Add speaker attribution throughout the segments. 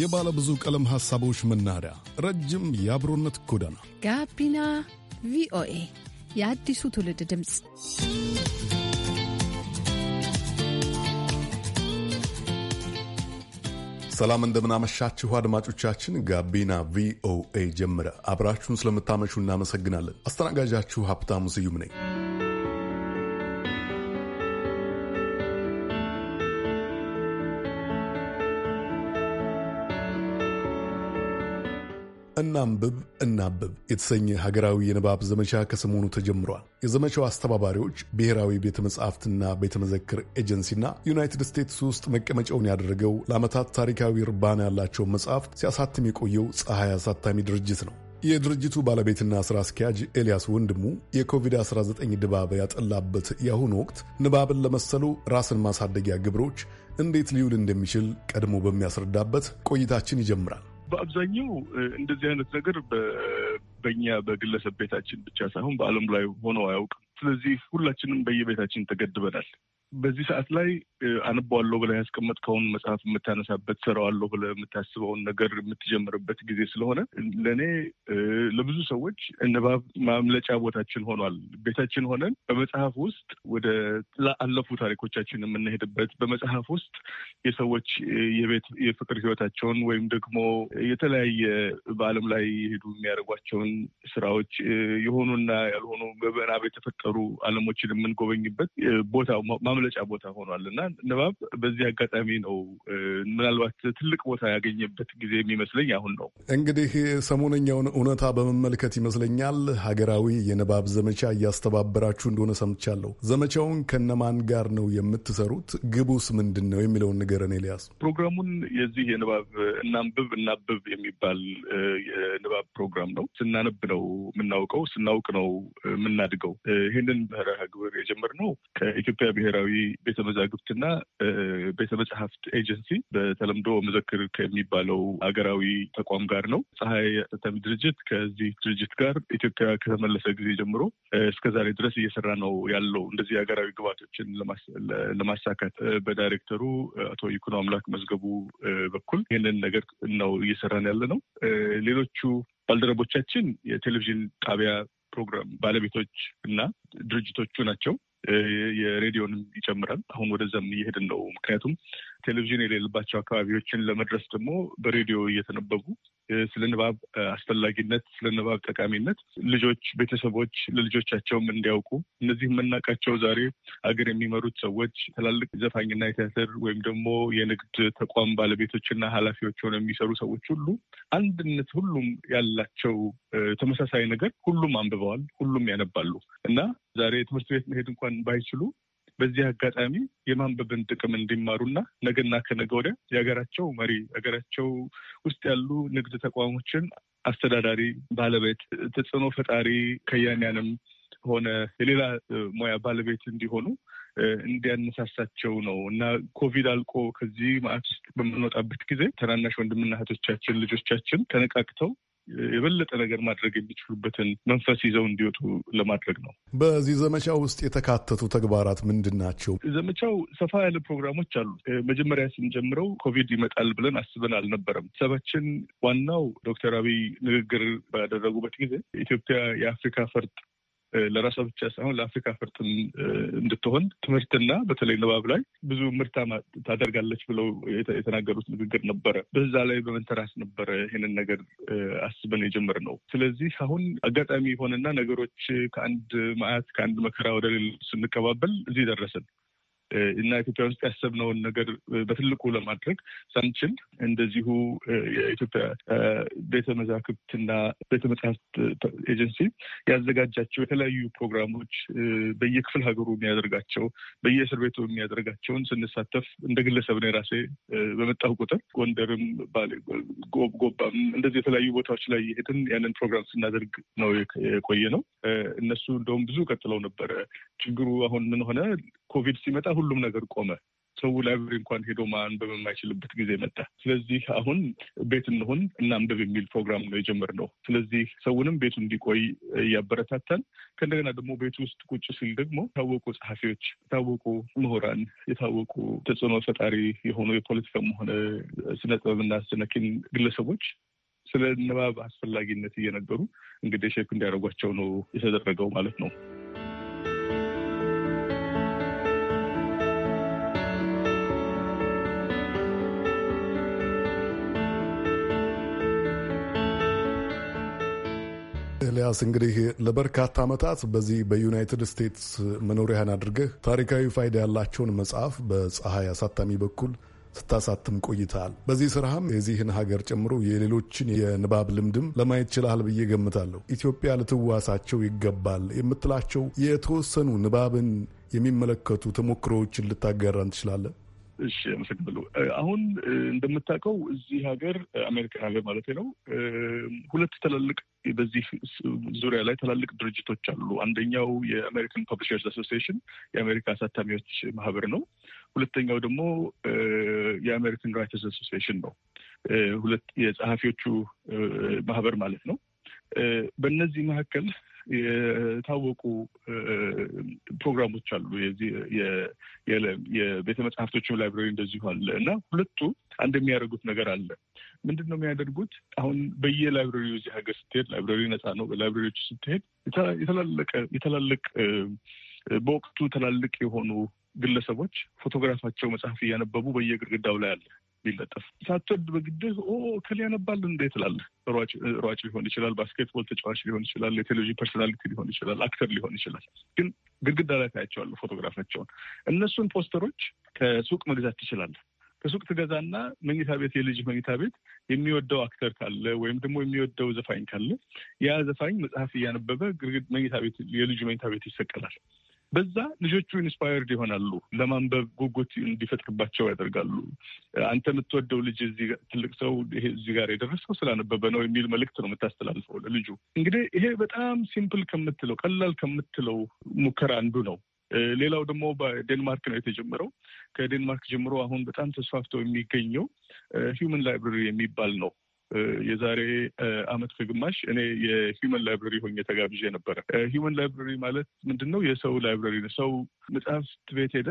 Speaker 1: የባለ ብዙ ቀለም ሐሳቦች መናኸሪያ፣ ረጅም የአብሮነት ጎዳና
Speaker 2: ጋቢና ቪኦኤ የአዲሱ ትውልድ ድምፅ።
Speaker 1: ሰላም እንደምናመሻችሁ አድማጮቻችን፣ ጋቢና ቪኦኤ ጀምረ አብራችሁን ስለምታመሹ እናመሰግናለን። አስተናጋጃችሁ ሀብታሙ ስዩም ነኝ። እናንብብ እናንብብ የተሰኘ ሀገራዊ የንባብ ዘመቻ ከሰሞኑ ተጀምሯል። የዘመቻው አስተባባሪዎች ብሔራዊ ቤተ መጻሕፍትና ቤተ መዘክር ኤጀንሲና ዩናይትድ ስቴትስ ውስጥ መቀመጫውን ያደረገው ለዓመታት ታሪካዊ ርባና ያላቸውን መጽሐፍት ሲያሳትም የቆየው ፀሐይ አሳታሚ ድርጅት ነው። የድርጅቱ ባለቤትና ሥራ አስኪያጅ ኤልያስ ወንድሙ የኮቪድ-19 ድባብ ያጠላበት የአሁኑ ወቅት ንባብን ለመሰሉ ራስን ማሳደጊያ ግብሮች እንዴት ሊውል እንደሚችል ቀድሞ በሚያስረዳበት ቆይታችን ይጀምራል።
Speaker 3: በአብዛኛው እንደዚህ አይነት ነገር በእኛ በግለሰብ ቤታችን ብቻ ሳይሆን በዓለም ላይ ሆኖ አያውቅም። ስለዚህ ሁላችንም በየቤታችን ተገድበናል። በዚህ ሰዓት ላይ አነበዋለሁ ብለህ ያስቀመጥከውን መጽሐፍ የምታነሳበት ሰራዋለሁ ብለህ የምታስበውን ነገር የምትጀምርበት ጊዜ ስለሆነ ለእኔ ለብዙ ሰዎች እንባብ ማምለጫ ቦታችን ሆኗል። ቤታችን ሆነን በመጽሐፍ ውስጥ ወደ አለፉ ታሪኮቻችን የምንሄድበት በመጽሐፍ ውስጥ የሰዎች የቤት የፍቅር ህይወታቸውን ወይም ደግሞ የተለያየ በዓለም ላይ የሄዱ የሚያደርጓቸውን ስራዎች የሆኑና ያልሆኑ በምናብ የተፈጠሩ ዓለሞችን የምንጎበኝበት ቦታ ማምለጫ ቦታ ሆኗል እና ንባብ በዚህ አጋጣሚ ነው ምናልባት ትልቅ ቦታ ያገኘበት ጊዜ የሚመስለኝ አሁን ነው።
Speaker 1: እንግዲህ ሰሞነኛውን እውነታ በመመልከት ይመስለኛል ሀገራዊ የንባብ ዘመቻ እያስተባበራችሁ እንደሆነ ሰምቻለሁ። ዘመቻውን ከነማን ጋር ነው የምትሰሩት? ግቡስ ምንድን ነው የሚለውን ንገረን ኤልያስ።
Speaker 3: ፕሮግራሙን የዚህ የንባብ እናንብብ እናብብ የሚባል የንባብ ፕሮግራም ነው። ስናነብ ነው የምናውቀው፣ ስናውቅ ነው የምናድገው። ይህንን መርሃ ግብር የጀመርነው ከኢትዮጵያ ብሔራዊ ብሔራዊ ቤተ መዛግብትና ቤተ መጽሐፍት ኤጀንሲ በተለምዶ መዘክር ከሚባለው ሀገራዊ ተቋም ጋር ነው። ፀሐይ አሳታሚ ድርጅት ከዚህ ድርጅት ጋር ኢትዮጵያ ከተመለሰ ጊዜ ጀምሮ እስከ ዛሬ ድረስ እየሰራ ነው ያለው እንደዚህ ሀገራዊ ግባቶችን ለማሳካት በዳይሬክተሩ አቶ ይኩኖ አምላክ መዝገቡ በኩል ይህንን ነገር ነው እየሰራን ያለ ነው። ሌሎቹ ባልደረቦቻችን የቴሌቪዥን ጣቢያ ፕሮግራም ባለቤቶች እና ድርጅቶቹ ናቸው። የሬዲዮንም ይጨምራል። አሁን ወደዛም እየሄድን ነው። ምክንያቱም ቴሌቪዥን የሌለባቸው አካባቢዎችን ለመድረስ ደግሞ በሬዲዮ እየተነበቡ ስለ ንባብ አስፈላጊነት፣ ስለ ንባብ ጠቃሚነት ልጆች፣ ቤተሰቦች ለልጆቻቸውም እንዲያውቁ እነዚህ የምናውቃቸው ዛሬ አገር የሚመሩት ሰዎች ትላልቅ ዘፋኝና የቲያትር ወይም ደግሞ የንግድ ተቋም ባለቤቶችና ኃላፊዎች ሆነው የሚሰሩ ሰዎች ሁሉ አንድነት ሁሉም ያላቸው ተመሳሳይ ነገር ሁሉም አንብበዋል፣ ሁሉም ያነባሉ እና ዛሬ ትምህርት ቤት መሄድ እንኳን ባይችሉ በዚህ አጋጣሚ የማንበብን ጥቅም እንዲማሩና ነገና ከነገ ወዲያ የሀገራቸው መሪ ሀገራቸው ውስጥ ያሉ ንግድ ተቋሞችን አስተዳዳሪ፣ ባለቤት፣ ተጽዕኖ ፈጣሪ ከያንያንም ሆነ የሌላ ሙያ ባለቤት እንዲሆኑ እንዲያነሳሳቸው ነው እና ኮቪድ አልቆ ከዚህ ማዕት ውስጥ በምንወጣበት ጊዜ ተናናሽ ወንድምና እህቶቻችን ልጆቻችን ተነቃቅተው የበለጠ ነገር ማድረግ የሚችሉበትን መንፈስ ይዘው እንዲወጡ ለማድረግ ነው።
Speaker 1: በዚህ ዘመቻ ውስጥ የተካተቱ ተግባራት ምንድን ናቸው?
Speaker 3: ዘመቻው ሰፋ ያለ ፕሮግራሞች አሉ። መጀመሪያ ስንጀምረው ኮቪድ ይመጣል ብለን አስበን አልነበረም። ሰባችን ዋናው ዶክተር አብይ ንግግር ባደረጉበት ጊዜ ኢትዮጵያ የአፍሪካ ፈርጥ ለራሷ ብቻ ሳይሆን ለአፍሪካ ፈርጥም እንድትሆን ትምህርትና በተለይ ንባብ ላይ ብዙ ምርታማ ታደርጋለች ብለው የተናገሩት ንግግር ነበረ። በዛ ላይ በመንተራስ ነበረ ይህንን ነገር አስበን ነው። ስለዚህ አሁን አጋጣሚ የሆነና ነገሮች ከአንድ ማያት ከአንድ መከራ ወደ ሌሎች ስንቀባበል እዚህ ደረሰን። እና ኢትዮጵያ ውስጥ ያሰብነውን ነገር በትልቁ ለማድረግ ሳንችል እንደዚሁ የኢትዮጵያ ቤተ መዛክብትና ቤተ መጽሐፍት ኤጀንሲ ያዘጋጃቸው የተለያዩ ፕሮግራሞች በየክፍል ሀገሩ የሚያደርጋቸው በየእስር ቤቱ የሚያደርጋቸውን ስንሳተፍ እንደ ግለሰብ ነው የራሴ በመጣሁ ቁጥር ጎንደርም፣ ጎባም እንደዚህ የተለያዩ ቦታዎች ላይ የሄድን ያንን ፕሮግራም ስናደርግ ነው የቆየ ነው። እነሱ እንደውም ብዙ ቀጥለው ነበረ። ችግሩ አሁን ምን ሆነ? ኮቪድ ሲመጣ ሁሉም ነገር ቆመ። ሰው ላይብሪ እንኳን ሄዶ ማንበብ የማይችልበት ጊዜ መጣ። ስለዚህ አሁን ቤት እንሁን እናንብብ የሚል ፕሮግራም ነው የጀመርነው። ስለዚህ ሰውንም ቤቱ እንዲቆይ እያበረታታን ከእንደገና ደግሞ ቤቱ ውስጥ ቁጭ ሲል ደግሞ የታወቁ ጸሐፊዎች፣ የታወቁ ምሁራን፣ የታወቁ ተጽዕኖ ፈጣሪ የሆኑ የፖለቲካም ሆነ ስነ ጥበብና ስነ ግለሰቦች ስለ ንባብ አስፈላጊነት እየነገሩ እንግዲህ ሼክ እንዲያደርጓቸው ነው የተደረገው ማለት ነው።
Speaker 1: ኤልያስ እንግዲህ ለበርካታ ዓመታት በዚህ በዩናይትድ ስቴትስ መኖሪያን አድርገህ ታሪካዊ ፋይዳ ያላቸውን መጽሐፍ በፀሐይ አሳታሚ በኩል ስታሳትም ቆይተሃል። በዚህ ስራህም የዚህን ሀገር ጨምሮ የሌሎችን የንባብ ልምድም ለማየት ችላል ብዬ ገምታለሁ። ኢትዮጵያ ልትዋሳቸው ይገባል የምትላቸው የተወሰኑ ንባብን የሚመለከቱ ተሞክሮዎችን ልታጋራን ትችላለን?
Speaker 3: እሺ አመሰግናለሁ። አሁን እንደምታውቀው እዚህ ሀገር አሜሪካን ሀገር ማለት ነው ሁለት ትላልቅ በዚህ ዙሪያ ላይ ትላልቅ ድርጅቶች አሉ። አንደኛው የአሜሪካን ፐብሊሸርስ አሶሲሽን የአሜሪካ አሳታሚዎች ማህበር ነው። ሁለተኛው ደግሞ የአሜሪካን ራይተርስ አሶሲሽን ነው። ሁለት የጸሐፊዎቹ ማህበር ማለት ነው። በእነዚህ መካከል የታወቁ ፕሮግራሞች አሉ። የቤተ መጽሐፍቶችም ላይብራሪ እንደዚሁ አለ እና ሁለቱ አንድ የሚያደርጉት ነገር አለ። ምንድን ነው የሚያደርጉት? አሁን በየላይብራሪው እዚህ ሀገር ስትሄድ ላይብራሪ ነፃ ነው። በላይብራሪዎች ስትሄድ የተላለቀ የተላለቅ በወቅቱ ትላልቅ የሆኑ ግለሰቦች ፎቶግራፋቸው መጽሐፍ እያነበቡ በየግድግዳው ላይ አለ ቢለጠፍ ሳትወድ በግድህ ኦ ከል ያነባል እንዴት ትላለህ። ሯጭ ሊሆን ይችላል፣ ባስኬትቦል ተጫዋች ሊሆን ይችላል፣ የቴሌቪዥን ፐርሶናሊቲ ሊሆን ይችላል፣ አክተር ሊሆን ይችላል። ግን ግድግዳ ላይ ታያቸዋለህ ፎቶግራፋቸውን። እነሱን ፖስተሮች ከሱቅ መግዛት ትችላለህ። ከሱቅ ትገዛና መኝታ ቤት የልጅ መኝታ ቤት የሚወደው አክተር ካለ ወይም ደግሞ የሚወደው ዘፋኝ ካለ ያ ዘፋኝ መጽሐፍ እያነበበ መኝታ ቤት የልጅ መኝታ ቤት ይሰቀላል። በዛ ልጆቹ ኢንስፓየርድ ይሆናሉ፣ ለማንበብ ጉጉት እንዲፈጥርባቸው ያደርጋሉ። አንተ የምትወደው ልጅ ትልቅ ሰው ይሄ እዚህ ጋር የደረሰው ስላነበበ ነው የሚል መልእክት ነው የምታስተላልፈው ለልጁ። እንግዲህ ይሄ በጣም ሲምፕል ከምትለው ቀላል ከምትለው ሙከራ አንዱ ነው። ሌላው ደግሞ በዴንማርክ ነው የተጀመረው። ከዴንማርክ ጀምሮ አሁን በጣም ተስፋፍተው የሚገኘው ሂውመን ላይብረሪ የሚባል ነው። የዛሬ አመት ከግማሽ እኔ የሂውመን ላይብረሪ ሆኜ ተጋብዤ ነበረ። ሂውመን ላይብረሪ ማለት ምንድን ነው? የሰው ላይብረሪ ነው። ሰው መጽሐፍት ቤት ሄደ፣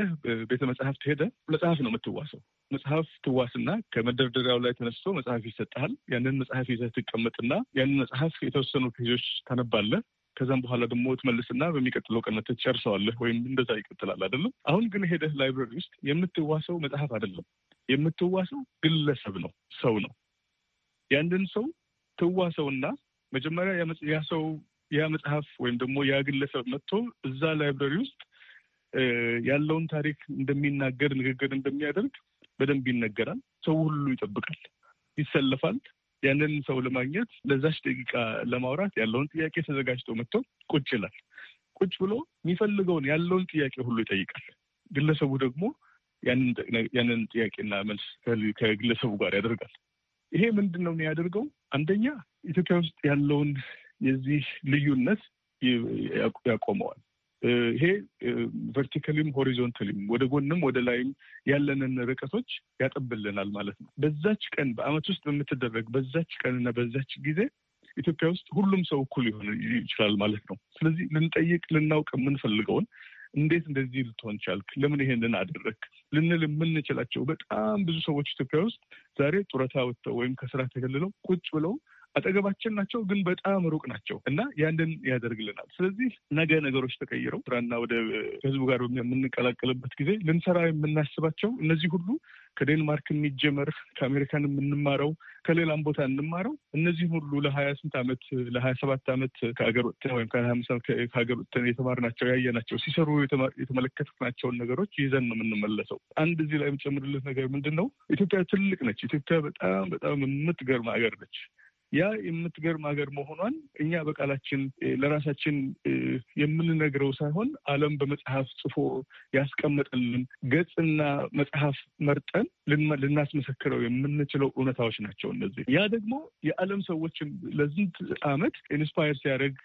Speaker 3: ቤተ መጽሐፍት ሄደ መጽሐፍ ነው የምትዋሰው። መጽሐፍ ትዋስና ከመደርደሪያው ላይ ተነስቶ መጽሐፍ ይሰጠሃል። ያንን መጽሐፍ ይዘህ ትቀመጥና ያንን መጽሐፍ የተወሰኑ ፔጆች ታነባለህ። ከዛም በኋላ ደግሞ ትመልስና በሚቀጥለው ቀን ትጨርሰዋለህ፣ ወይም እንደዛ ይቀጥላል አይደለም። አሁን ግን ሄደህ ላይብረሪ ውስጥ የምትዋሰው መጽሐፍ አይደለም። የምትዋሰው ግለሰብ ነው፣ ሰው ነው። ያንድን ሰው ትዋሰውና መጀመሪያ ያ ሰው ያ መጽሐፍ ወይም ደግሞ ያ ግለሰብ መጥቶ እዛ ላይብረሪ ውስጥ ያለውን ታሪክ እንደሚናገር ንግግር እንደሚያደርግ በደንብ ይነገራል። ሰው ሁሉ ይጠብቃል፣ ይሰለፋል። ያንን ሰው ለማግኘት ለዛች ደቂቃ ለማውራት ያለውን ጥያቄ ተዘጋጅቶ መጥቶ ቁጭ ይላል። ቁጭ ብሎ የሚፈልገውን ያለውን ጥያቄ ሁሉ ይጠይቃል። ግለሰቡ ደግሞ ያንን ጥያቄና መልስ ከግለሰቡ ጋር ያደርጋል። ይሄ ምንድን ነው የሚያደርገው? አንደኛ ኢትዮጵያ ውስጥ ያለውን የዚህ ልዩነት ያቆመዋል። ይሄ ቨርቲካሊም ሆሪዞንታሊም ወደ ጎንም ወደ ላይም ያለንን ርቀቶች ያጠብልናል ማለት ነው። በዛች ቀን በአመት ውስጥ በምትደረግ በዛች እና በዛች ጊዜ ኢትዮጵያ ውስጥ ሁሉም ሰው እኩል ሊሆን ይችላል ማለት ነው። ስለዚህ ልንጠይቅ ልናውቅ የምንፈልገውን እንዴት እንደዚህ ልትሆን ቻልክ? ለምን ይሄንን አደረግክ? ልንል የምንችላቸው በጣም ብዙ ሰዎች ኢትዮጵያ ውስጥ ዛሬ ጡረታ ወጥተው ወይም ከስራ ተገልለው ቁጭ ብለው አጠገባችን ናቸው፣ ግን በጣም ሩቅ ናቸው እና ያንን ያደርግልናል። ስለዚህ ነገ ነገሮች ተቀይረው ስራና ወደ ህዝቡ ጋር የምንቀላቀልበት ጊዜ ልንሰራ የምናስባቸው እነዚህ ሁሉ ከዴንማርክ የሚጀመር ከአሜሪካን የምንማረው ከሌላም ቦታ እንማረው እነዚህ ሁሉ ለሀያ ስንት ዓመት ለሀያ ሰባት ዓመት ከሀገር ወጥተን ወይም ከሀያ አምስት ዓመት ከሀገር ወጥተን የተማርናቸው ያየናቸው ሲሰሩ የተመለከትናቸውን ነገሮች ይዘን ነው የምንመለሰው። አንድ እዚህ ላይ የምጨምርልህ ነገር ምንድን ነው? ኢትዮጵያ ትልቅ ነች። ኢትዮጵያ በጣም በጣም የምትገርም ሀገር ነች። ያ የምትገርም ሀገር መሆኗን እኛ በቃላችን ለራሳችን የምንነግረው ሳይሆን ዓለም በመጽሐፍ ጽፎ ያስቀመጠልን ገጽና መጽሐፍ መርጠን ልናስመሰክረው የምንችለው እውነታዎች ናቸው እነዚህ። ያ ደግሞ የዓለም ሰዎችን ለስንት ዓመት ኢንስፓየር ሲያደርግ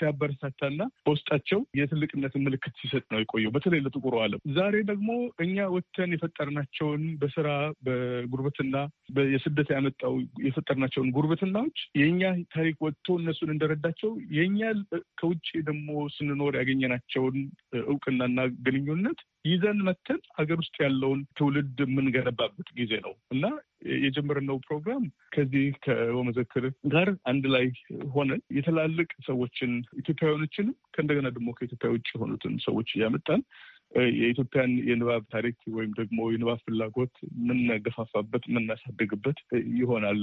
Speaker 3: ሲያበረታታና በውስጣቸው የትልቅነትን ምልክት ሲሰጥ ነው የቆየው በተለይ ለጥቁሩ ዓለም። ዛሬ ደግሞ እኛ ወተን የፈጠርናቸውን በስራ በጉርበትና የስደት ያመጣው የፈጠርናቸውን ጉርበት ፍልስፍናዎች የእኛ ታሪክ ወጥቶ እነሱን እንደረዳቸው የእኛ ከውጭ ደግሞ ስንኖር ያገኘናቸውን እውቅናና ግንኙነት ይዘን መተን ሀገር ውስጥ ያለውን ትውልድ የምንገነባበት ጊዜ ነው እና የጀመርነው ፕሮግራም ከዚህ ከወመዘክር ጋር አንድ ላይ ሆነን የተላልቅ ሰዎችን ኢትዮጵያውያኖችንም ከእንደገና ደግሞ ከኢትዮጵያ ውጭ የሆኑትን ሰዎች እያመጣን የኢትዮጵያን የንባብ ታሪክ ወይም ደግሞ የንባብ ፍላጎት የምናገፋፋበት የምናሳድግበት ይሆናል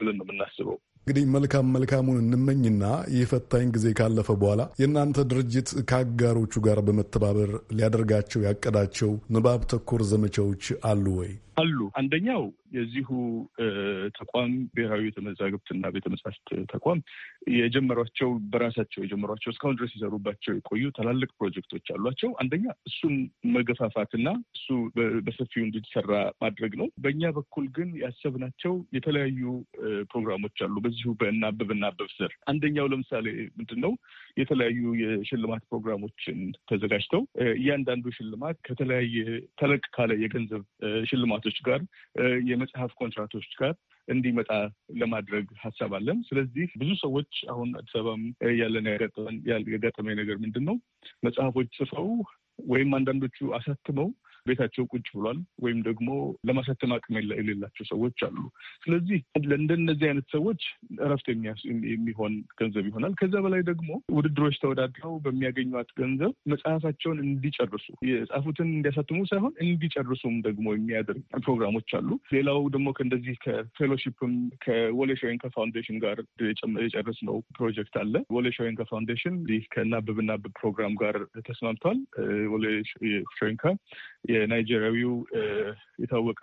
Speaker 3: ብለን ነው የምናስበው።
Speaker 1: እንግዲህ መልካም መልካሙን እንመኝና ይህ ፈታኝ ጊዜ ካለፈ በኋላ የእናንተ ድርጅት ከአጋሮቹ ጋር በመተባበር ሊያደርጋቸው ያቀዳቸው ንባብ ተኮር ዘመቻዎች አሉ ወይ?
Speaker 3: አሉ። አንደኛው የዚሁ ተቋም ብሔራዊ ቤተመዛግብትና ቤተመጻሕፍት ተቋም የጀመሯቸው በራሳቸው የጀመሯቸው እስካሁን ድረስ የሰሩባቸው የቆዩ ታላልቅ ፕሮጀክቶች አሏቸው። አንደኛ እሱን መገፋፋትና እሱ በሰፊው እንዲሰራ ማድረግ ነው። በእኛ በኩል ግን ያሰብናቸው የተለያዩ ፕሮግራሞች አሉ። በዚሁ በእናብብ እናብብ ስር አንደኛው ለምሳሌ ምንድን ነው የተለያዩ የሽልማት ፕሮግራሞችን ተዘጋጅተው እያንዳንዱ ሽልማት ከተለያየ ተለቅ ካለ የገንዘብ ሽልማቶች ጋር የመጽሐፍ ኮንትራቶች ጋር እንዲመጣ ለማድረግ ሀሳብ አለን። ስለዚህ ብዙ ሰዎች አሁን አዲስ አበባም ያለን ያጋጠመኝ ነገር ምንድን ነው መጽሐፎች ጽፈው ወይም አንዳንዶቹ አሳትመው ቤታቸው ቁጭ ብሏል፣ ወይም ደግሞ ለማሳተም አቅም የሌላቸው ሰዎች አሉ። ስለዚህ ለእንደነዚህ አይነት ሰዎች እረፍት የሚሆን ገንዘብ ይሆናል። ከዛ በላይ ደግሞ ውድድሮች ተወዳድረው በሚያገኟት ገንዘብ መጽሐፋቸውን እንዲጨርሱ የጻፉትን እንዲያሳትሙ ሳይሆን እንዲጨርሱም ደግሞ የሚያደርግ ፕሮግራሞች አሉ። ሌላው ደግሞ ከእንደዚህ ከፌሎሺፕም ከወሌ ከፋውንዴሽን ፋውንዴሽን ጋር ነው ፕሮጀክት አለ። ወሌ ከፋውንዴሽን ይህ ከናብብናብብ ፕሮግራም ጋር ተስማምቷል። ወሌ የናይጄሪያዊው የታወቀ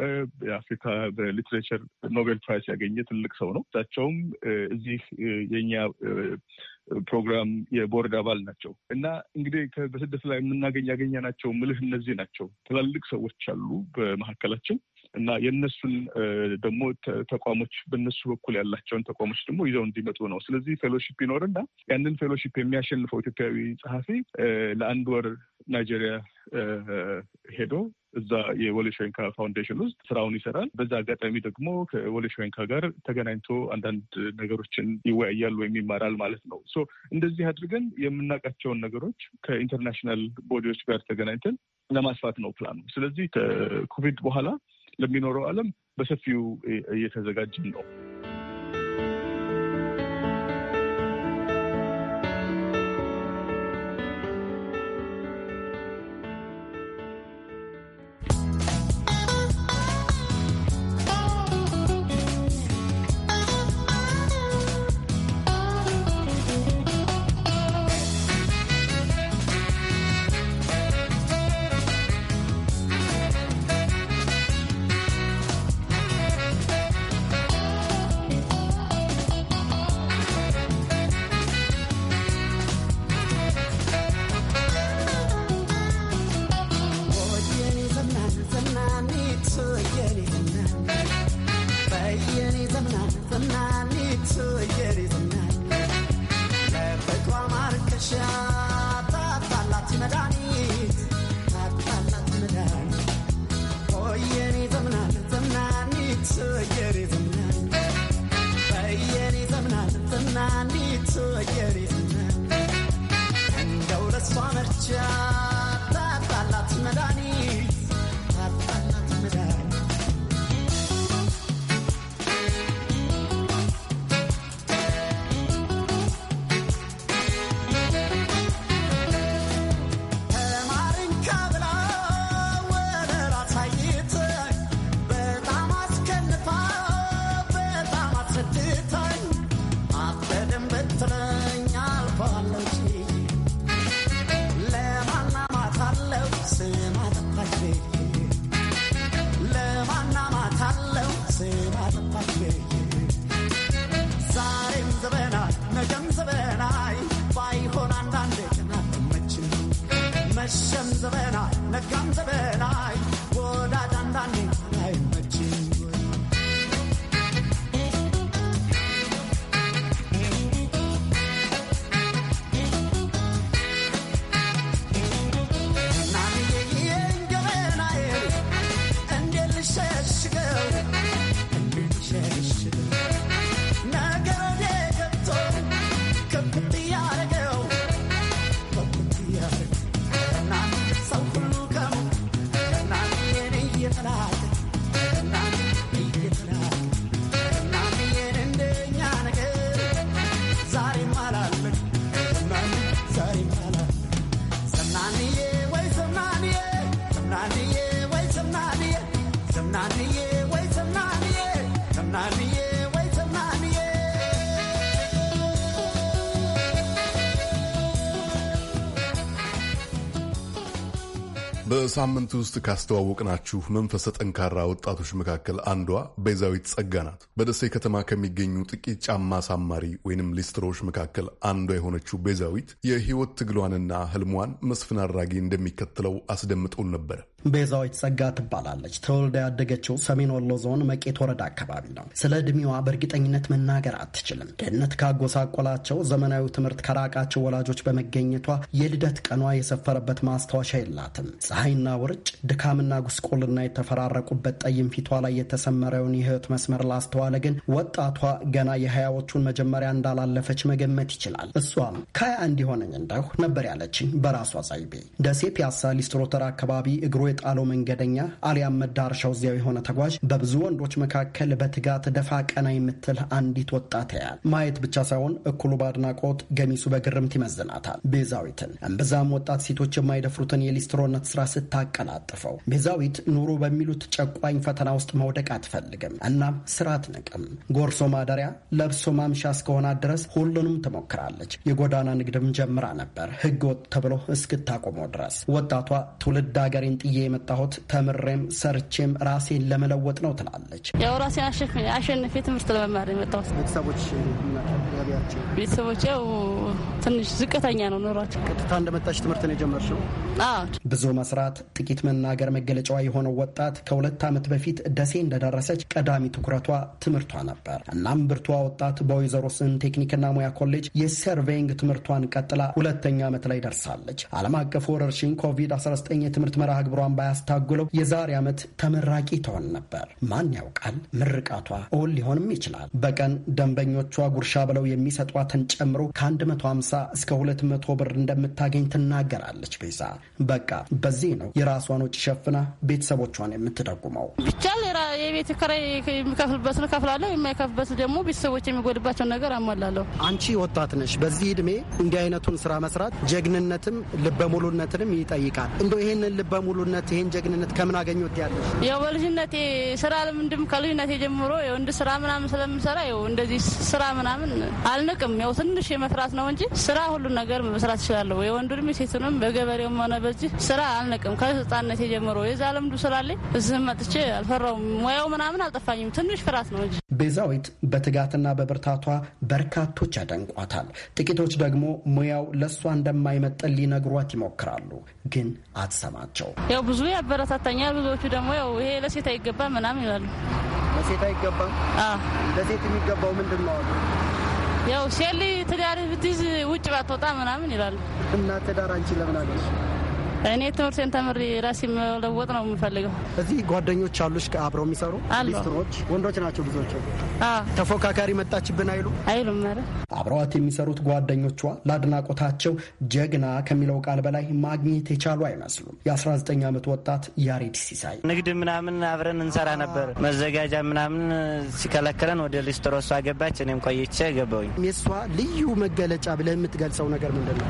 Speaker 3: የአፍሪካ በሊትሬቸር ኖቤል ፕራይስ ያገኘ ትልቅ ሰው ነው። እሳቸውም እዚህ የኛ ፕሮግራም የቦርድ አባል ናቸው እና እንግዲህ በስደት ላይ የምናገኝ ያገኘ ናቸው ምልህ እነዚህ ናቸው። ትላልቅ ሰዎች አሉ በመካከላችን እና የእነሱን ደግሞ ተቋሞች በነሱ በኩል ያላቸውን ተቋሞች ደግሞ ይዘው እንዲመጡ ነው። ስለዚህ ፌሎሺፕ ይኖርና ያንን ፌሎሺፕ የሚያሸንፈው ኢትዮጵያዊ ጸሐፊ ለአንድ ወር ናይጄሪያ ሄዶ እዛ የወሌ ሾንካ ፋውንዴሽን ውስጥ ስራውን ይሰራል። በዛ አጋጣሚ ደግሞ ከወሌ ጋር ተገናኝቶ አንዳንድ ነገሮችን ይወያያል ወይም ይማራል ማለት ነው። ሶ እንደዚህ አድርገን የምናውቃቸውን ነገሮች ከኢንተርናሽናል ቦዲዎች ጋር ተገናኝተን ለማስፋት ነው ፕላኑ። ስለዚህ ከኮቪድ በኋላ ለሚኖረው ዓለም በሰፊው እየተዘጋጅን ነው።
Speaker 1: በሳምንት ውስጥ ካስተዋወቅናችሁ መንፈሰ ጠንካራ ወጣቶች መካከል አንዷ ቤዛዊት ጸጋ ናት። በደሴ ከተማ ከሚገኙ ጥቂት ጫማ ሳማሪ ወይንም ሊስትሮዎች መካከል አንዷ የሆነችው ቤዛዊት የህይወት ትግሏንና ህልሟን መስፍን አድራጊ እንደሚከተለው አስደምጦን ነበር።
Speaker 4: ቤዛዎች ጸጋ ትባላለች። ተወልዳ ያደገችው ሰሜን ወሎ ዞን መቄት ወረዳ አካባቢ ነው። ስለ እድሜዋ በእርግጠኝነት መናገር አትችልም። ድህነት ካጎሳቆላቸው፣ ዘመናዊ ትምህርት ከራቃቸው ወላጆች በመገኘቷ የልደት ቀኗ የሰፈረበት ማስታወሻ የላትም። ፀሐይና ውርጭ፣ ድካምና ጉስቁልና የተፈራረቁበት ጠይም ፊቷ ላይ የተሰመረውን የህይወት መስመር ላስተዋለ ግን ወጣቷ ገና የሀያዎቹን መጀመሪያ እንዳላለፈች መገመት ይችላል። እሷም ከሀያ እንዲሆነኝ እንደሁ ነበር ያለችኝ በራሷ ጸይቤ ደሴ ፒያሳ ሊስትሮተር አካባቢ እግሮ የጣለው መንገደኛ አሊያም መዳረሻው እዚያው የሆነ ተጓዥ በብዙ ወንዶች መካከል በትጋት ደፋ ቀና የምትል አንዲት ወጣት ያል ማየት ብቻ ሳይሆን እኩሉ በአድናቆት ገሚሱ በግርምት ይመዝናታል። ቤዛዊትን እምብዛም ወጣት ሴቶች የማይደፍሩትን የሊስትሮነት ስራ ስታቀላጥፈው፣ ቤዛዊት ኑሮ በሚሉት ጨቋኝ ፈተና ውስጥ መውደቅ አትፈልግም። እናም ስራ አትንቅም። ጎርሶ ማደሪያ ለብሶ ማምሻ እስከሆናት ድረስ ሁሉንም ትሞክራለች። የጎዳና ንግድም ጀምራ ነበር ወጥ ተብሎ እስክታቆመው ድረስ ወጣቷ ትውልድ ሀገሬን ጥዬ የመጣሁት ተምሬም ሰርቼም ራሴን ለመለወጥ ነው
Speaker 5: ትላለች። ያው ራሴን አሸንፌ ትምህርት ለመማር የመጣሁት ቤተሰቦች ትንሽ ዝቅተኛ ነው ኑሯቸው። ቀጥታ
Speaker 4: እንደመጣች ትምህርት ነው የጀመርሽው? ብዙ መስራት ጥቂት መናገር መገለጫዋ የሆነው ወጣት ከሁለት ዓመት በፊት ደሴ እንደደረሰች ቀዳሚ ትኩረቷ ትምህርቷ ነበር። እናም ብርቷ ወጣት በወይዘሮ ስን ቴክኒክና ሙያ ኮሌጅ የሰርቬይንግ ትምህርቷን ቀጥላ ሁለተኛ ዓመት ላይ ደርሳለች። ዓለም አቀፍ ወረርሽኝ ኮቪድ-19 የትምህርት መርሃ ግብሯን እንኳን ባያስታጉለው የዛሬ ዓመት ተመራቂ ትሆን ነበር። ማን ያውቃል? ምርቃቷ እውን ሊሆንም ይችላል። በቀን ደንበኞቿ ጉርሻ ብለው የሚሰጧትን ጨምሮ ከ150 እስከ 200 ብር እንደምታገኝ ትናገራለች። ቤዛ በቃ በዚህ ነው የራሷን ወጪ ሸፍና ቤተሰቦቿን የምትደጉመው።
Speaker 5: ብቻ የቤት ኪራይ የሚከፍልበትን እከፍላለሁ፣ የማይከፍልበትን ደግሞ ቤተሰቦች የሚጎድባቸውን ነገር አሟላለሁ። አንቺ
Speaker 4: ወጣት ነሽ። በዚህ እድሜ እንዲህ አይነቱን ስራ መስራት ጀግንነትም ልበሙሉነትንም ይጠይቃል። እንደው ይህንን ልበሙሉነት ጀግንነት ይህን ጀግንነት ከምን አገኙት ያለች?
Speaker 5: ያው በልጅነቴ ስራ ልምድም ከልጅነቴ ጀምሮ የወንድ ስራ ምናምን ስለምሰራ ያው እንደዚህ ስራ ምናምን አልንቅም። ያው ትንሽ የመስራት ነው እንጂ ስራ ሁሉን ነገር መስራት እችላለሁ። የወንዱንም የሴቱንም በገበሬውም ሆነ በዚህ ስራ አልንቅም። ከህፃንነቴ ጀምሮ የዛ ልምዱ ስላለኝ እዚህ መጥቼ አልፈራውም። ሙያው ምናምን አልጠፋኝም። ትንሽ ፍራት ነው እንጂ።
Speaker 4: ቤዛዊት በትጋትና በብርታቷ በርካቶች ያደንቋታል። ጥቂቶች ደግሞ ሙያው ለእሷ እንደማይመጠን ሊነግሯት ይሞክራሉ፣ ግን አትሰማቸው።
Speaker 5: ያው ብዙ ያበረታታኛል። ብዙዎቹ ደግሞ ያው ይሄ ለሴት አይገባ ምናምን ይላሉ።
Speaker 4: ለሴት አይገባም። ለሴት የሚገባው ምንድን ነው?
Speaker 5: ያው ሴት ልጅ ትዳር ብትይዝ ውጭ ባትወጣ ምናምን ይላሉ። እና ትዳር አንቺ ለምን አለሽ? እኔ ትምህርቴን ተምሬ ራሴ መለወጥ ነው የምፈልገው።
Speaker 4: እዚህ ጓደኞች አሉሽ አብረው የሚሰሩ ሊስትሮች ወንዶች ናቸው ብዙዎቹ። ተፎካካሪ መጣችብን አይሉ አይሉም። ኧረ አብረዋት የሚሰሩት ጓደኞቿ ለአድናቆታቸው ጀግና ከሚለው ቃል በላይ ማግኘት የቻሉ አይመስሉም። የ19 ዓመት ወጣት ያሬድ ሲሳይ
Speaker 2: ንግድ ምናምን አብረን እንሰራ ነበር። መዘጋጃ ምናምን ሲከለክለን ወደ ሊስትሮ እሷ ገባች፣ እኔም ቆይቼ ገባሁኝ። የእሷ
Speaker 4: ልዩ መገለጫ ብለህ የምትገልጸው ነገር ምንድን ነው?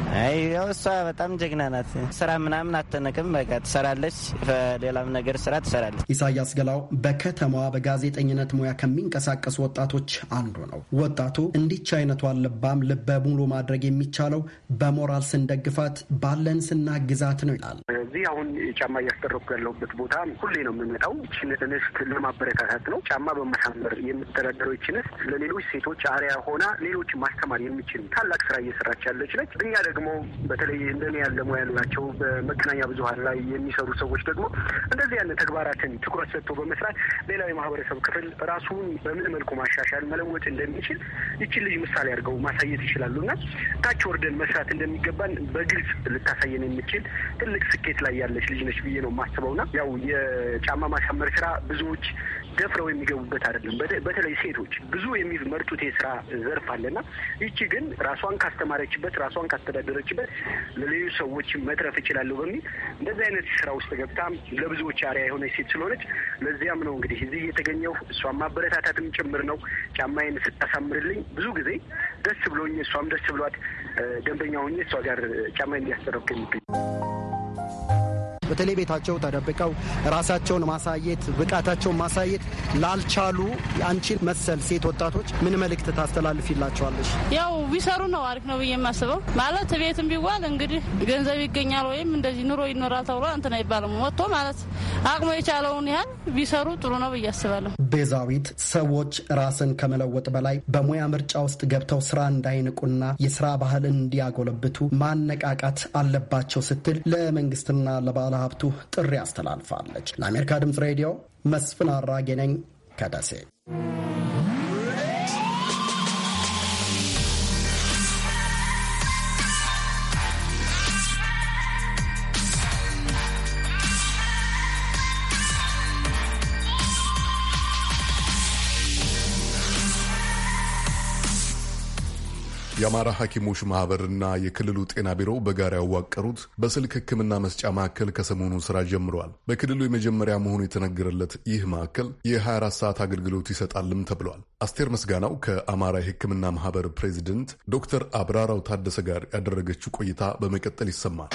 Speaker 2: ያው እሷ በጣም ጀግና ናት። ስራ ምናምን ምናምን አትንቅም። በቃ ትሰራለች፣ በሌላም ነገር ስራ ትሰራለች።
Speaker 4: ኢሳያስ ገላው በከተማዋ በጋዜጠኝነት ሙያ ከሚንቀሳቀሱ ወጣቶች አንዱ ነው። ወጣቱ እንዲች አይነቷን ልባም ልበ ሙሉ ማድረግ የሚቻለው በሞራል ስንደግፋት፣ ባለን ስናግዛት ነው ይላል።
Speaker 6: እዚህ አሁን ጫማ እያስጠረኩ ያለሁበት ቦታ ሁሌ ነው የምንመጣው። ይችን እንስት ለማበረታታት ነው። ጫማ በማሳመር የምተዳደረው ይችን ለሌሎች ሴቶች አሪያ ሆና ሌሎች ማስተማር የሚችል ታላቅ ስራ እየሰራች ያለች ነች። እኛ ደግሞ በተለይ እንደኔ ያለ ሙያ ያላቸው መገናኛ ብዙኃን ላይ የሚሰሩ ሰዎች ደግሞ እንደዚህ ያለ ተግባራትን ትኩረት ሰጥቶ በመስራት ሌላው የማህበረሰብ ክፍል ራሱን በምን መልኩ ማሻሻል መለወጥ እንደሚችል ይችን ልጅ ምሳሌ አድርገው ማሳየት ይችላሉ እና ታች ወርደን መስራት እንደሚገባን በግልጽ ልታሳየን የምችል ትልቅ ስኬት ላይ ያለች ልጅ ነች ብዬ ነው የማስበው። ና ያው የጫማ ማሳመር ስራ ብዙዎች ደፍረው የሚገቡበት አይደለም። በተለይ ሴቶች ብዙ የሚመርጡት የስራ ዘርፍ አለና ይቺ ግን ራሷን ካስተማረችበት፣ ራሷን ካስተዳደረችበት ለሌሎች ሰዎች መትረፍ እችላለሁ በሚል እንደዚህ አይነት ስራ ውስጥ ገብታ ለብዙዎች አሪያ የሆነች ሴት ስለሆነች ለዚያም ነው እንግዲህ እዚህ የተገኘው እሷን ማበረታታትም ጭምር ነው። ጫማዬን ስታሳምርልኝ ብዙ ጊዜ ደስ ብሎኝ እሷም ደስ ብሏት ደንበኛ ሆኜ እሷ ጋር ጫማ እንዲያስጠረብክ ከሚገኝ
Speaker 4: በተለይ ቤታቸው ተደብቀው ራሳቸውን ማሳየት ብቃታቸውን ማሳየት ላልቻሉ አንቺን መሰል ሴት ወጣቶች ምን መልእክት ታስተላልፊላቸዋለች።
Speaker 5: ያው ቢሰሩ ነው አሪፍ ነው ብዬ የማስበው። ማለት ቤትም ቢዋል እንግዲህ ገንዘብ ይገኛል ወይም እንደዚህ ኑሮ ይኖራል ተብሎ እንትን አይባልም። ወጥቶ ማለት አቅሞ የቻለውን ያህል ቢሰሩ ጥሩ ነው ብዬ አስባለሁ።
Speaker 4: ቤዛዊት ሰዎች ራስን ከመለወጥ በላይ በሙያ ምርጫ ውስጥ ገብተው ስራ እንዳይንቁና የስራ ባህል እንዲያጎለብቱ ማነቃቃት አለባቸው ስትል ለመንግስትና ለባለ ባለሀብቱ ጥሪ አስተላልፋለች። ለአሜሪካ ድምፅ ሬዲዮ መስፍን አራጌ ነኝ ከደሴ
Speaker 1: የአማራ ሐኪሞች ማኅበርና የክልሉ ጤና ቢሮ በጋራ ያዋቀሩት በስልክ ሕክምና መስጫ ማዕከል ከሰሞኑ ስራ ጀምረዋል። በክልሉ የመጀመሪያ መሆኑ የተነገረለት ይህ ማዕከል የ24 ሰዓት አገልግሎት ይሰጣልም ተብሏል። አስቴር ምስጋናው ከአማራ የሕክምና ማኅበር ፕሬዚደንት ዶክተር አብራራው ታደሰ ጋር ያደረገችው ቆይታ በመቀጠል ይሰማል።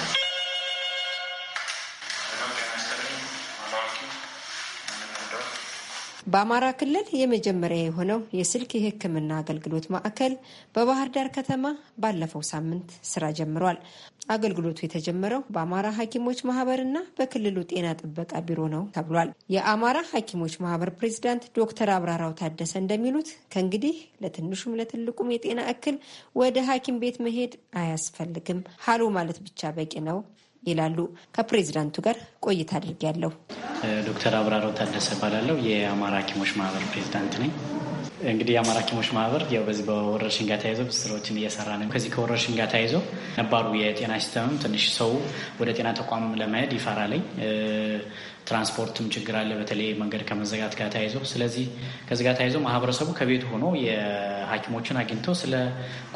Speaker 5: በአማራ ክልል የመጀመሪያ የሆነው የስልክ የሕክምና አገልግሎት ማዕከል በባህር ዳር ከተማ ባለፈው ሳምንት ስራ ጀምሯል። አገልግሎቱ የተጀመረው በአማራ ሐኪሞች ማህበርና በክልሉ ጤና ጥበቃ ቢሮ ነው ተብሏል። የአማራ ሐኪሞች ማህበር ፕሬዚዳንት ዶክተር አብራራው ታደሰ እንደሚሉት ከእንግዲህ ለትንሹም ለትልቁም የጤና እክል ወደ ሐኪም ቤት መሄድ አያስፈልግም። ሀሎ ማለት ብቻ በቂ ነው ይላሉ። ከፕሬዚዳንቱ ጋር ቆይታ አድርጌያለሁ።
Speaker 7: ዶክተር አብራሮ ታደሰ እባላለሁ። የአማራ ሐኪሞች ማህበር ፕሬዚዳንት ነኝ። እንግዲህ የአማራ ሐኪሞች ማህበር ያው በዚህ በወረርሽኝ ጋር ተያይዞ ብዙ ስራዎችን እየሰራ ነው። ከዚህ ከወረርሽኝ ጋር ተያይዞ ነባሩ የጤና ሲስተምም ትንሽ ሰው ወደ ጤና ተቋም ለመሄድ ይፈራለኝ። ትራንስፖርትም ችግር አለ፣ በተለይ መንገድ ከመዘጋት ጋር ተያይዞ። ስለዚህ ከዚህ ጋር ተያይዞ ማህበረሰቡ ከቤቱ ሆኖ የሐኪሞችን አግኝቶ ስለ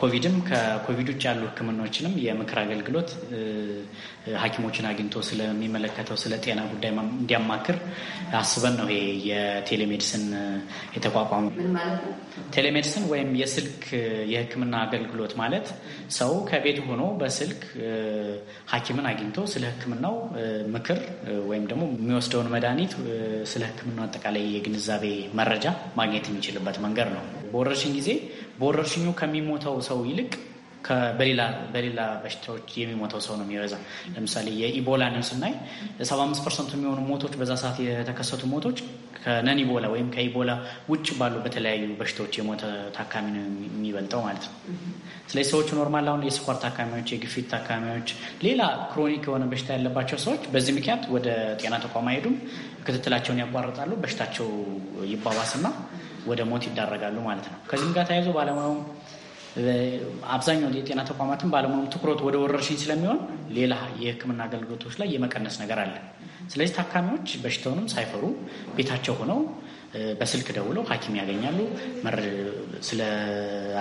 Speaker 7: ኮቪድም ከኮቪድ ውጭ ያሉ ሕክምናዎችንም የምክር አገልግሎት ሐኪሞችን አግኝቶ ስለሚመለከተው ስለ ጤና ጉዳይ እንዲያማክር አስበን ነው ይሄ የቴሌሜዲስን የተቋቋመው። ቴሌሜዲስን ወይም የስልክ የሕክምና አገልግሎት ማለት ሰው ከቤት ሆኖ በስልክ ሐኪምን አግኝቶ ስለ ሕክምናው ምክር ወይም ደግሞ የሚወስደውን መድኃኒት ስለ ህክምና አጠቃላይ የግንዛቤ መረጃ ማግኘት የሚችልበት መንገድ ነው። በወረርሽኝ ጊዜ በወረርሽኙ ከሚሞተው ሰው ይልቅ በሌላ በሽታዎች የሚሞተው ሰው ነው የሚበዛ። ለምሳሌ የኢቦላንም ስናይ 75 ፐርሰንቱ የሚሆኑ ሞቶች በዛ ሰዓት የተከሰቱ ሞቶች ከነን ኢቦላ ወይም ከኢቦላ ውጭ ባሉ በተለያዩ በሽታዎች የሞተ ታካሚ ነው የሚበልጠው ማለት ነው። ስለዚህ ሰዎቹ ኖርማል አሁን የስኳር ታካሚዎች፣ የግፊት ታካሚዎች፣ ሌላ ክሮኒክ የሆነ በሽታ ያለባቸው ሰዎች በዚህ ምክንያት ወደ ጤና ተቋም አይሄዱም፣ ክትትላቸውን ያቋርጣሉ፣ በሽታቸው ይባባስና ወደ ሞት ይዳረጋሉ ማለት ነው። ከዚህም ጋር ተያይዞ ባለሙያውም አብዛኛው የጤና ተቋማትን ባለሙያውም ትኩረት ወደ ወረርሽኝ ስለሚሆን ሌላ የሕክምና አገልግሎቶች ላይ የመቀነስ ነገር አለ። ስለዚህ ታካሚዎች በሽታውንም ሳይፈሩ ቤታቸው ሆነው በስልክ ደውለው ሐኪም ያገኛሉ፣ ስለ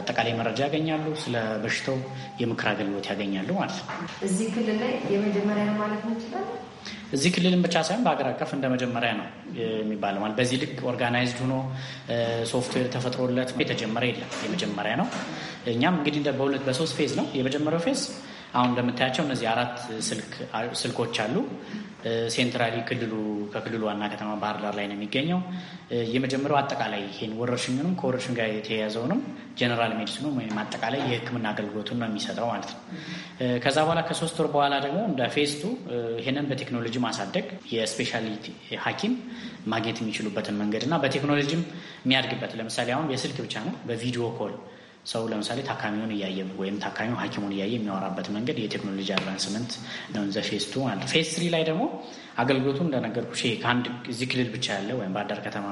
Speaker 7: አጠቃላይ መረጃ ያገኛሉ፣ ስለ በሽታው የምክር አገልግሎት ያገኛሉ ማለት ነው።
Speaker 5: እዚህ ክልል ላይ የመጀመሪያ ማለት እንችላለን
Speaker 7: እዚህ ክልልም ብቻ ሳይሆን በሀገር አቀፍ እንደ መጀመሪያ ነው የሚባለው። ማለት በዚህ ልክ ኦርጋናይዝድ ሆኖ ሶፍትዌር ተፈጥሮለት የተጀመረ የለም፣ የመጀመሪያ ነው። እኛም እንግዲህ በሁለት በሶስት ፌዝ ነው። የመጀመሪያው ፌዝ አሁን እንደምታያቸው እነዚህ አራት ስልኮች አሉ። ሴንትራሊ ክልሉ ከክልሉ ዋና ከተማ ባህር ዳር ላይ ነው የሚገኘው። የመጀመሪያው አጠቃላይ ይሄን ወረርሽኙንም ከወረርሽኝ ጋር የተያያዘውንም ጀነራል ሜዲሲኑ ወይም አጠቃላይ የሕክምና አገልግሎቱን ነው የሚሰጠው ማለት ነው። ከዛ በኋላ ከሶስት ወር በኋላ ደግሞ እንደ ፌስቱ ይህንን በቴክኖሎጂ ማሳደግ የስፔሻሊቲ ሐኪም ማግኘት የሚችሉበትን መንገድ እና በቴክኖሎጂም የሚያድግበት ለምሳሌ አሁን የስልክ ብቻ ነው በቪዲዮ ኮል ሰው ለምሳሌ ታካሚውን እያየ ወይም ታካሚው ሐኪሙን እያየ የሚያወራበት መንገድ የቴክኖሎጂ አድቫንስመንት ነው። ዘ ፌስ ቱ ማለት ፌስ ትሪ ላይ ደግሞ አገልግሎቱ እንደነገርኩሽ ከአንድ እዚህ ክልል ብቻ ያለ ወይም ባህርዳር ከተማ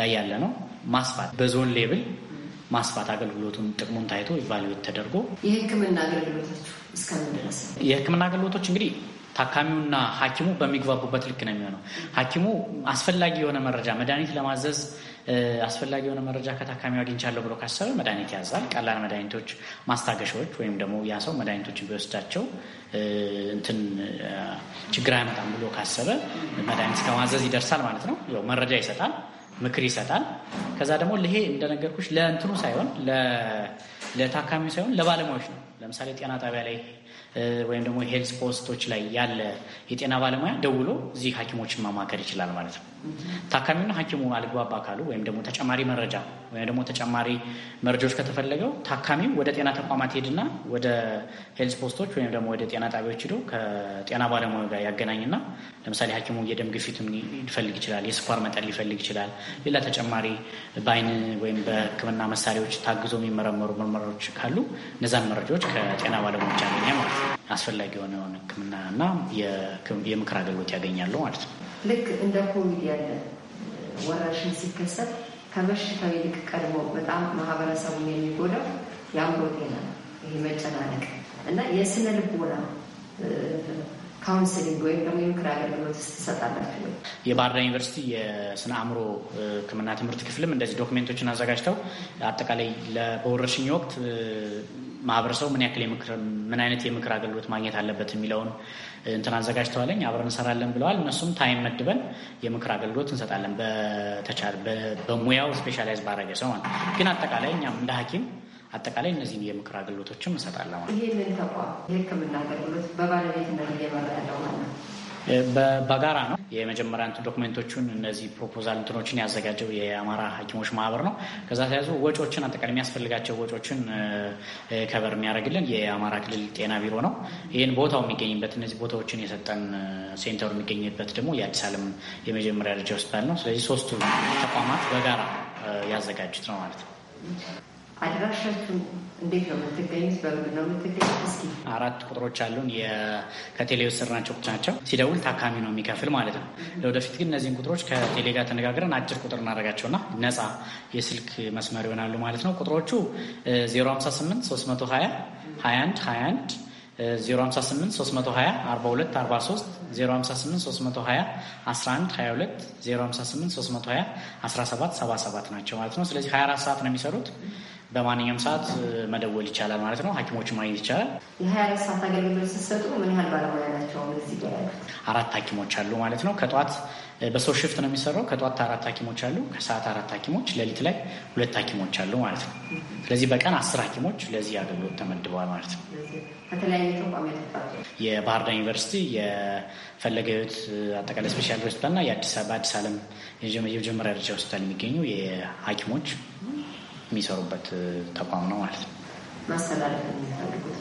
Speaker 7: ላይ ያለ ነው ማስፋት በዞን ሌብል ማስፋት አገልግሎቱን ጥቅሙን ታይቶ ኢቫሉዌት ተደርጎ
Speaker 5: የህክምና አገልግሎቶች እስከምንደረስ
Speaker 7: የህክምና አገልግሎቶች እንግዲህ ታካሚውና ሐኪሙ በሚግባቡበት ልክ ነው የሚሆነው። ሐኪሙ አስፈላጊ የሆነ መረጃ መድኃኒት ለማዘዝ አስፈላጊ የሆነ መረጃ ከታካሚው አግኝቻለሁ ብሎ ካሰበ መድኃኒት ያዛል። ቀላል መድኃኒቶች፣ ማስታገሻዎች ወይም ደግሞ ያ ሰው መድኃኒቶችን ቢወስዳቸው እንትን ችግር አይመጣም ብሎ ካሰበ መድኃኒት ከማዘዝ ይደርሳል ማለት ነው። መረጃ ይሰጣል፣ ምክር ይሰጣል። ከዛ ደግሞ ይሄ እንደነገርኩሽ ለእንትኑ ሳይሆን ለታካሚው ሳይሆን ለባለሙያዎች ነው። ለምሳሌ ጤና ጣቢያ ላይ ወይም ደግሞ ሄልስ ፖስቶች ላይ ያለ የጤና ባለሙያ ደውሎ እዚህ ሐኪሞችን ማማከር ይችላል ማለት ነው። ታካሚውና ሐኪሙ አልግባባ ካሉ ወይም ደግሞ ተጨማሪ መረጃ ወይም ደግሞ ተጨማሪ መረጃዎች ከተፈለገው ታካሚው ወደ ጤና ተቋማት ሄድና ወደ ሄልስ ፖስቶች ወይም ደግሞ ወደ ጤና ጣቢያዎች ሄዶ ከጤና ባለሙያ ጋር ያገናኝና ለምሳሌ ሐኪሙ የደም ግፊት ሊፈልግ ይችላል፣ የስኳር መጠን ሊፈልግ ይችላል፣ ሌላ ተጨማሪ በአይን ወይም በሕክምና መሳሪያዎች ታግዞ የሚመረመሩ ምርመራዎች ካሉ እነዛን መረጃዎች ከጤና ባለሙያዎች ያገኛል ማለት ነው። አስፈላጊ የሆነውን ሕክምና እና የምክር አገልግሎት ያገኛሉ ማለት ነው።
Speaker 5: ልክ እንደ ኮቪድ ያለ ወረርሽኝ ሲከሰት ከበሽታው ይልቅ ቀድሞ በጣም ማህበረሰቡን የሚጎዳው የአእምሮ ጤና ይሄ መጨናነቅ እና የስነ ልቦና ካውንስሊንግ ወይም ደግሞ የምክር አገልግሎት ትሰጣላችሁ?
Speaker 7: የባህር ዳር ዩኒቨርሲቲ የስነ አእምሮ ሕክምና ትምህርት ክፍልም እንደዚህ ዶክሜንቶችን አዘጋጅተው አጠቃላይ በወረርሽኝ ወቅት ማህበረሰቡ ምን ያክል ምን አይነት የምክር አገልግሎት ማግኘት አለበት የሚለውን እንትን አዘጋጅተዋለኝ አብረን እንሰራለን ብለዋል። እነሱም ታይም መድበን የምክር አገልግሎት እንሰጣለን በተቻለ በሙያው ስፔሻላይዝ ባረገ ሰው ማለት ግን አጠቃላይ እኛም እንደ ሐኪም አጠቃላይ እነዚህን የምክር አገልግሎቶችም እንሰጣለን ማለት
Speaker 5: ይህንን ተቋም የህክምና አገልግሎት በባለቤትነት እየመራ ያለው ማለት ነው
Speaker 7: በጋራ ነው። የመጀመሪያ ዶክመንቶቹን እነዚህ ፕሮፖዛል እንትኖችን ያዘጋጀው የአማራ ሐኪሞች ማህበር ነው። ከዛ ተያዙ ወጪዎችን አጠቃላይ የሚያስፈልጋቸው ወጪዎችን ከበር የሚያደርግልን የአማራ ክልል ጤና ቢሮ ነው። ይህን ቦታው የሚገኝበት እነዚህ ቦታዎችን የሰጠን ሴንተሩ የሚገኝበት ደግሞ የአዲስ ዓለም የመጀመሪያ ደረጃ ሆስፒታል ነው። ስለዚህ ሶስቱ ተቋማት በጋራ ያዘጋጁት ነው ማለት ነው።
Speaker 5: አድራሻችሁ እንዴት ነው የምትገኙት? በምን ነው የምትገኙት? እስኪ
Speaker 7: አራት ቁጥሮች አሉን ከቴሌ ናቸው ቁጥር ናቸው። ሲደውል ታካሚ ነው የሚከፍል ማለት ነው። ለወደፊት ግን እነዚህን ቁጥሮች ከቴሌ ጋር ተነጋግረን አጭር ቁጥር እናደርጋቸውና ነፃ የስልክ መስመር ይሆናሉ ማለት ነው። ቁጥሮቹ 058 320 21 21 058 320 42 43 058 320 11 22 058 320 17 77 ናቸው ማለት ነው። ስለዚህ 24 ሰዓት ነው የሚሰሩት በማንኛውም ሰዓት uh, መደወል ይቻላል ማለት ነው። ሐኪሞች ማግኘት ይቻላል።
Speaker 5: የሀያ አራት ሰዓት አገልግሎት ሲሰጡ ምን ያህል ባለሙያ ናቸው?
Speaker 7: አራት ሐኪሞች አሉ ማለት ነው። ከጠዋት uh, በሰው ሽፍት ነው የሚሰራው። ከጠዋት አራት ሐኪሞች አሉ፣ ከሰዓት አራት ሐኪሞች፣ ሌሊት ላይ ሁለት ሐኪሞች አሉ ማለት ነው። ስለዚህ በቀን አስር ሐኪሞች ለዚህ አገልግሎት ተመድበዋል ማለት ነው። የባህር ዳር ዩኒቨርሲቲ የፈለገ ህይወት አጠቃላይ ስፔሻል ሆስፒታልና የአዲስ አበባ አዲስ ዓለም የመጀመሪያ ደረጃ ሆስፒታል የሚገኙ የሐኪሞች የሚሰሩበት ተቋም ነው ማለት ነው።
Speaker 5: ማስተላለፍ የሚፈልጉት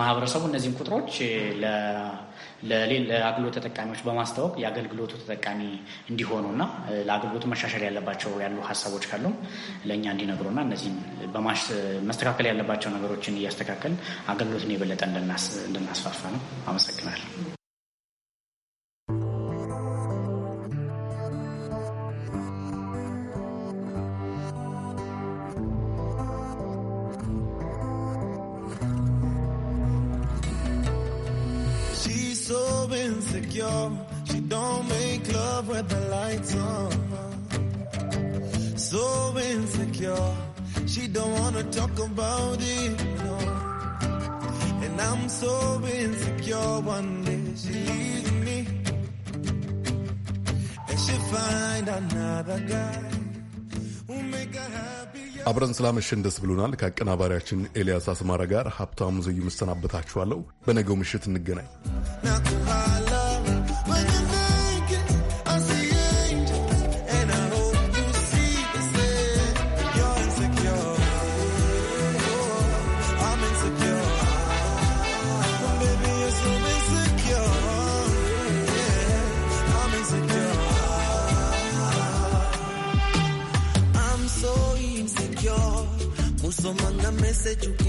Speaker 7: ማህበረሰቡ እነዚህን ቁጥሮች ለአገልግሎት ተጠቃሚዎች በማስታወቅ የአገልግሎቱ ተጠቃሚ እንዲሆኑና ለአገልግሎቱ መሻሻል ያለባቸው ያሉ ሀሳቦች ካሉም ለእኛ እንዲነግሩና እነዚህም መስተካከል ያለባቸው ነገሮችን እያስተካከል አገልግሎትን የበለጠ እንድናስፋፋ ነው። አመሰግናለሁ።
Speaker 1: አብረን ስላመሸን ደስ ብሎናል። ከአቀናባሪያችን ኤልያስ አስማራ ጋር ሀብታሙ ዘዩ መሰናበታችኋለሁ። በነገው ምሽት እንገናኝ።
Speaker 2: that you